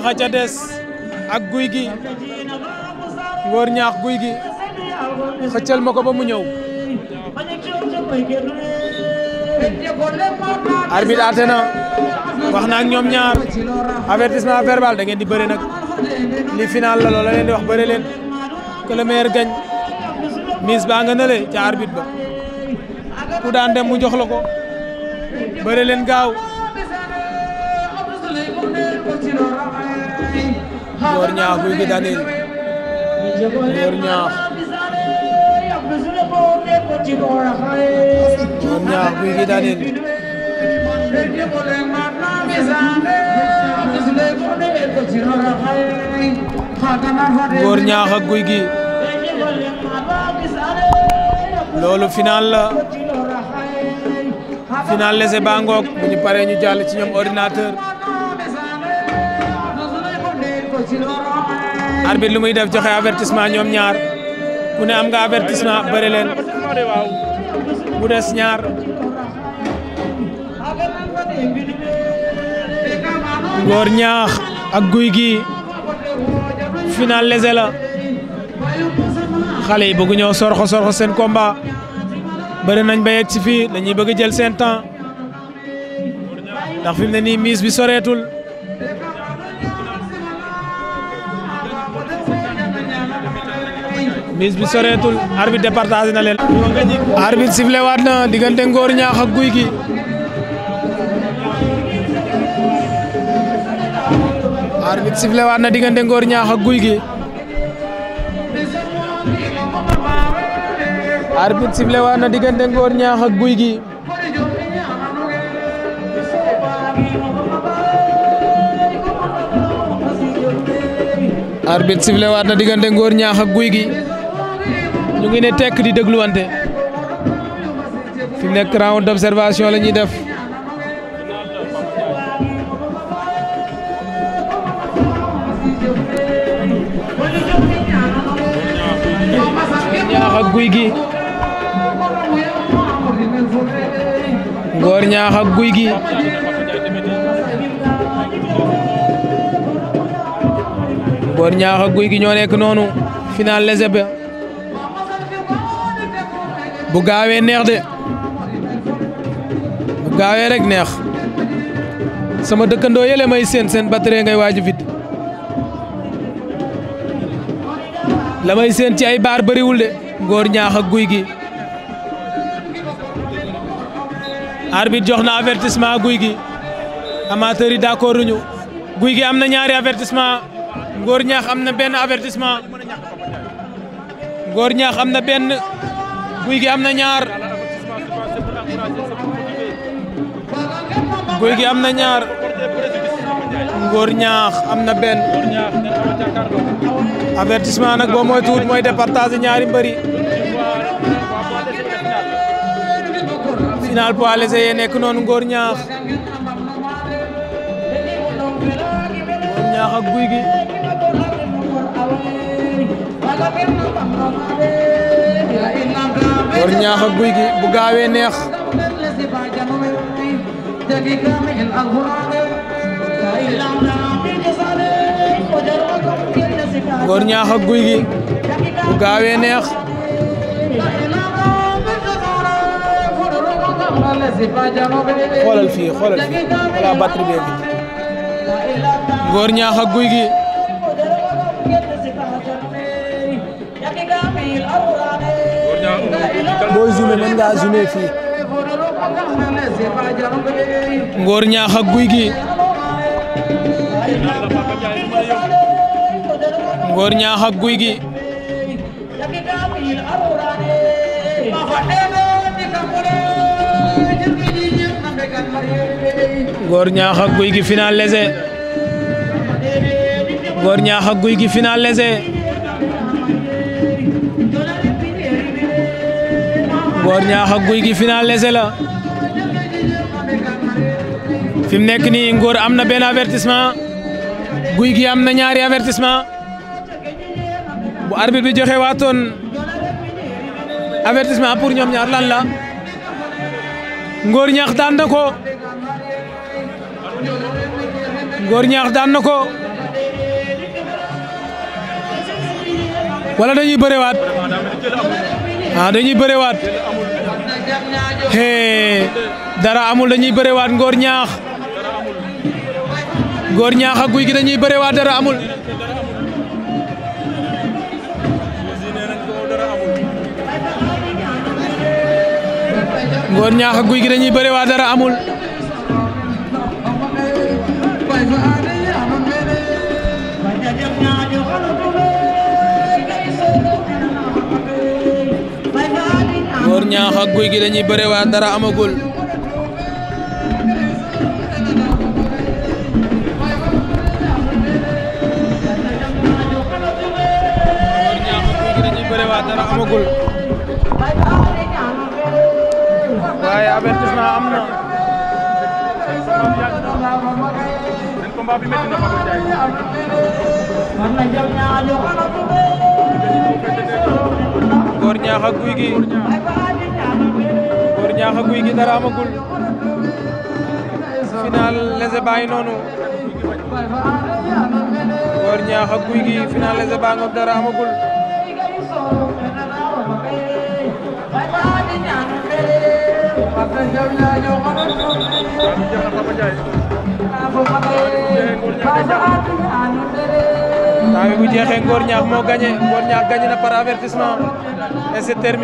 ñaaxa ca des ak guy gi ngóor ñaax guy gi xëccal ma ko ba mu ñëw arbitre àtte na wax na ñoom ñaar avertissement verbal da di bëre nag li final la loola leen di wax bëre leen que le meilleur gagne mise baa nële ca arbitre ba ku daan dem mu jox la ko bëre leen gaaw Ngor Niakh Gouye Gui Daniel Ngor Niakh Ngor Niakh Gouye Gui ak Gouye Gui loolu final la final lese ba ngoog ñu paree ñu jàll ci ñoom ordinateur arbitre lu muy def joxe avertissement ñoom ñaar mu ne am nga avertissement bëri leen mu des ñaar góor ñaax ak guy gi final lese la xale yi bëgg ñëw sorxo sorxo seen combat bëri nañ ba yegg ci fii dañuy bëgg jël seen temps ndax fi mu ne nii mise bi soreetul bis bi soreetul arbitre na leen. arbitre sifflé waat na diggante Ngor Ñaax ak Guy gi. arbitre sifflé waat na diggante Ñaax ak Guy gi. arbitre na diggante Ngor Ñaax ak Guy gi. arbitre sifflé waat na diggante Ngor Ñaax ak Guy gi. ñu ngi ne tekk di dégluwante fi mu nekk round d'observation la ñuy def ñaax ak guy gi ngoor ñaax ak guy gi ngoor ñaax ak guy gi ñoo nekk noonu final les bu gaawee neex de bu gaawee rekk neex sama dëkkandoo yële may seen seen batterie ngay waaju vite la may seen ci ay baar bëriwul de ngóor ñaax ak guy gi arbitre jox na avertissement guy gi amateur yi d'accord ñu guy gi am na ñaari avertissement ngóor ñaax am na benn avertissement ngóor ñaax am na benn guy gi am na ñaar guy gi am na ñaar ngóor ñaax am na benn avertissement nag boo mooy tuut mooy départage ñaari mbëri final poids léger yee nekk noonu ngóor ñaax ñaax ak guy gi war ñaax ak guy gi bu gaawee neex war ñaax ak guy gi bu gaawee neex ñaax ak guy gi boo zoomé mën ngaa zoomé fii. Ngor Ñaax ak Guy gi Ngor Ñaax ak Guy gi Ngor Ñaax ak Guy gi final Ñaax Guy gi final léger Ngor Ñaax ak guy gi final lese la fi mu nekk nii Ngor am na benn avertissement guy gi am na ñaari avertissement bu arbitre bi joxe waatoon avertissement pour ñoom ñaar lan la Ngor Ñaax daan na ko Ngor Ñaax daan na ko wala dañuy bërewaat Ah, dañuy bërewaat hee dara amul dañuy bërewaat ngoor ñaax ngoor ñaax guy gi dañuy bërewaat dara amul ngoor guy gi dañuy bërewaat dara amul ñaax ak guy gi dañuy bëre waa dara amagul dara waaye avertissement am na seen na guy ñaax a guy gi dara amagul final lese baa ngi noonu góor ñaax a guy gi final lese baa ngoog dara amagul taa bi bu jeexee ngóor ñaax moo gagné ngóor ñaax gagné na par avertissement et c'est terminé